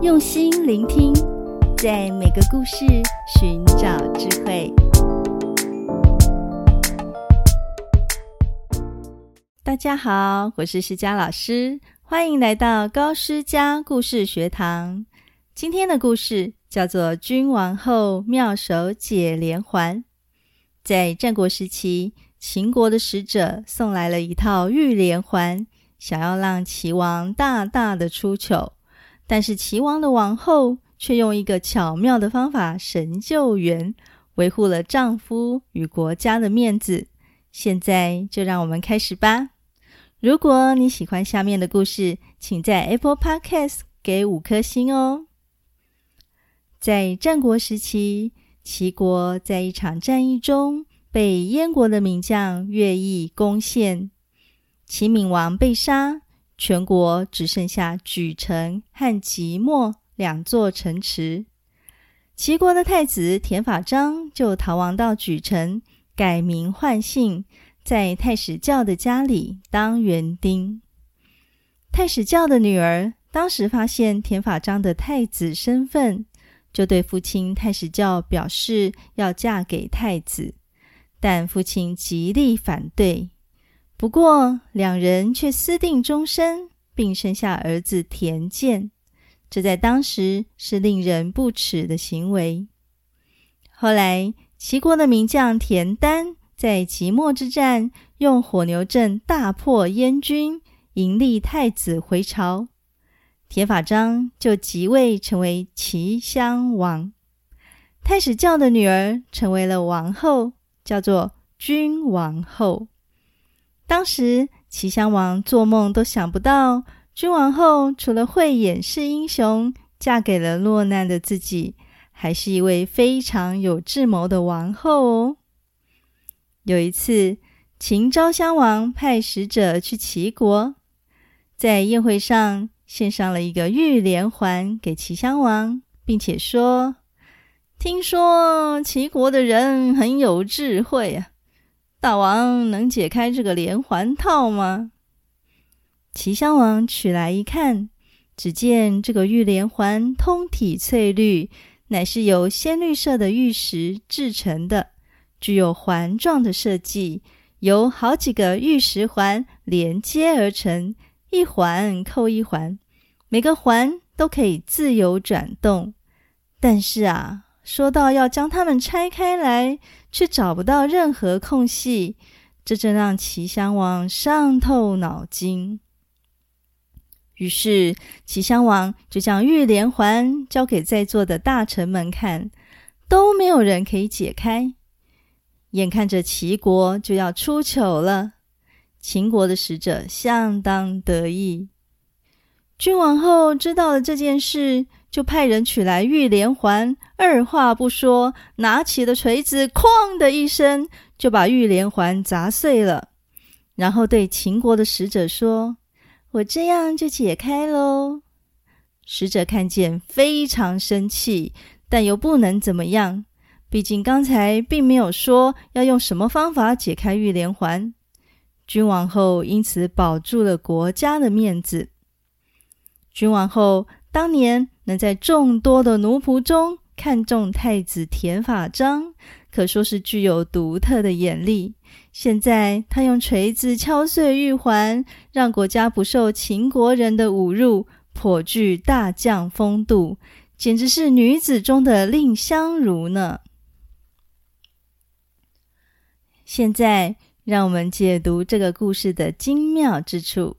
用心聆聽，在每個故事尋找智慧。大家好，我是詩佳老師，歡迎來到高詩佳故事學堂。今天的故事叫做《君王后妙手解連環》。在戰國時期，秦國的使者送來了一套玉連環，想要讓齊王大大的出糗。但是齊王的王后卻用一個巧妙的方法神救援，維護了丈夫與國家的面子。現在就讓我們開始吧。如果你喜歡下面的故事，請在 Apple Podcast 給五顆星哦。在戰國時期，齊國在一場戰役中被燕國的名將樂毅攻陷，齊閔王被殺。全國只剩下莒城和即墨兩座城池。齊國的太子田法章就逃亡到莒城，改名換姓，在太史教的家裡當園丁。太史教的女兒當時發現田法章的太子身份，就對父親太史教表示要嫁給太子，但父親極力反對。不過，兩人卻私定終身，並生下兒子田建，這在當時是令人不齒的行為。後來，齊國的名將田單在即墨之戰用火牛陣大破燕軍，迎立太子回朝。田法章就即位成為齊襄王，太史教的女兒成為了王後，叫做君王後。當時齊襄王做夢都想不到，君王后除了慧眼識英雄，嫁給了落難的自己，還是一位非常有智謀的王后哦。有一次，秦昭襄王派使者去齊國，在宴會上獻上了一個玉連環給齊襄王，並且說：“聽說齊國的人很有智慧啊。”大王能解開這個連環套嗎？齊襄王取來一看，只見這個玉連環通體翠綠，乃是由鮮綠色的玉石制成的，具有環狀的設計，由好幾個玉石環連接而成，一環扣一環，每個環都可以自由轉動。但是啊。說到要將他們拆開來，卻找不到任何空隙，這真讓齊襄王傷透腦筋。於是，齊襄王就將玉連環交給在座的大臣們看，都沒有人可以解開。眼看着齊國就要出糗了，秦國的使者相當得意。君王后知道了這件事。就派人取來玉連環，二話不說，拿起了錘子，哐的一聲就把玉連環砸碎了。然後對秦國的使者說：“我這樣就解開嘍。”使者看見非常生氣，但又不能怎麼樣，畢竟剛才並沒有說要用什麼方法解開玉連環。君王后因此保住了國家的面子。君王后當年。能在眾多的奴僕中看中太子田法章，可說是具有獨特的眼力。現在他用錘子敲碎玉環，讓國家不受秦國人的侮辱，頗具大將風度，簡直是女子中的藺相如呢。現在讓我們解讀這個故事的精妙之處。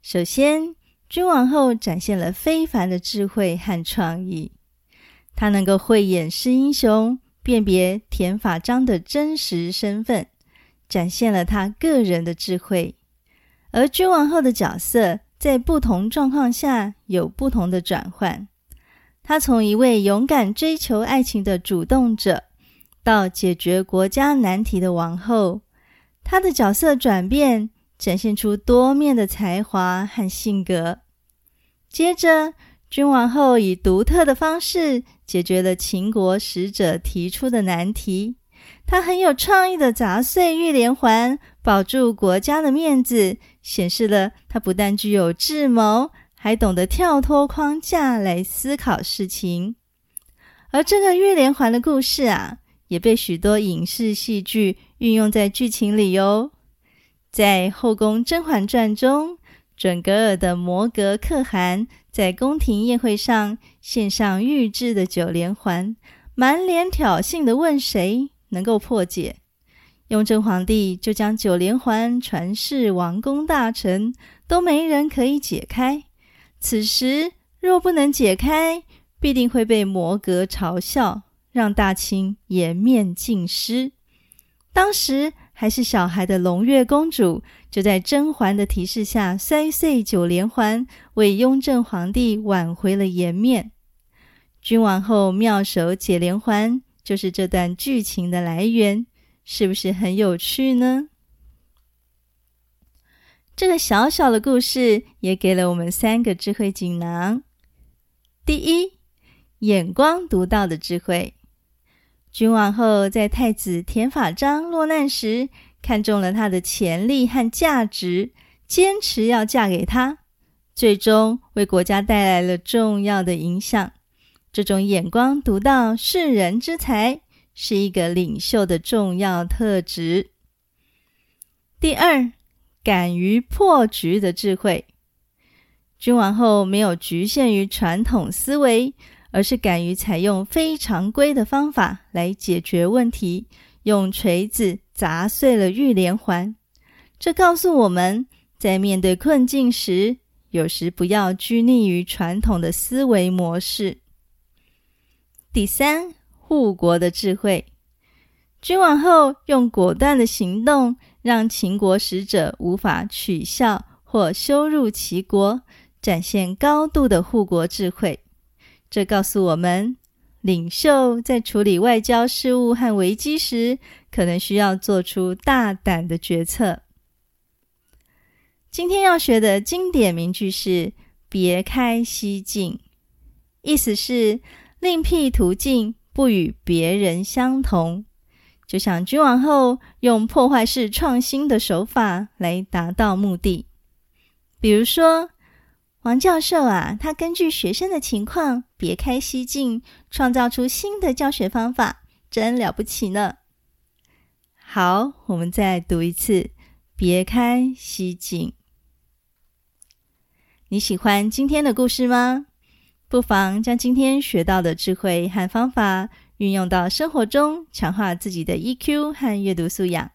首先，君王后展現了非凡的智慧和創意，她能夠慧眼識英雄，辨別田法章的真實身份，展現了她個人的智慧。而君王後的角色在不同狀況下有不同的轉換，她從一位勇敢追求愛情的主動者，到解決國家難題的王後，她的角色轉變展現出多面的才華和性格。接着，君王后以獨特的方式解決了秦國使者提出的難題。她很有創意的砸碎玉連環，保住國家的面子，顯示了她不但具有智謀，還懂得跳脫框架來思考事情。而這個玉連環的故事啊，也被許多影視戲劇運用在劇情裡喲、哦。在《後宮甄嬛傳》中，準噶爾的摩格可汗在宮廷宴會上獻上御製的九連環，滿臉挑釁地問誰能夠破解。雍正皇帝就將九連環傳示王公大臣，都沒人可以解開。此時若不能解開，必定會被摩格嘲笑，讓大清顏面盡失。當時，還是小孩的朧月公主，就在甄嬛的提示下摔碎九連環，為雍正皇帝挽回了顏面。君王后妙手解連環，就是這段劇情的來源，是不是很有趣呢？這個小小的故事也給了我們三個智慧錦囊：第一，眼光獨到的智慧。君王后在太子田法章落難時，看中了他的潛力和價值，堅持要嫁給他，最終為國家帶來了重要的影響。這種眼光獨到、識人之才，是一個領袖的重要特質。第二，敢於破局的智慧。君王后沒有局限於傳統思維。而是敢於採用非常規的方法來解決問題，用錘子砸碎了玉連環。這告訴我們在面對困境時，有時不要拘泥於傳統的思維模式。第三，護國的智慧，君王后用果斷的行動，讓秦國使者無法取笑或羞辱齊國，展現高度的護國智慧。這告訴我們，領袖在處理外交事務和危機時，可能需要做出大膽的決策。今天要學的經典名句是“別開蹊徑”，意思是另闢途徑，不與別人相同。就像君王后用破壞式創新的手法來達到目的，比如說。王教授啊，他根據學生的情況，別開蹊徑，創造出新的教學方法，真了不起呢。好，我們再讀一次“別開蹊徑”。你喜歡今天的故事嗎？不妨將今天學到的智慧和方法運用到生活中，強化自己的 EQ 和閱讀素養。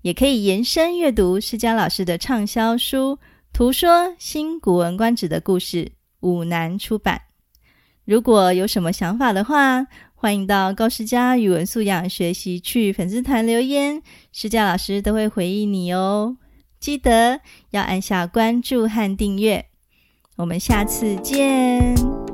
也可以延伸閱讀詩佳老師的暢銷書。《圖說新古文觀止》的故事，五南出版。如果有什麼想法的話，歡迎到高詩佳語文素養學習區粉絲團留言，詩佳老師都會回應你哦。記得要按下關注和訂閱，我們下次見。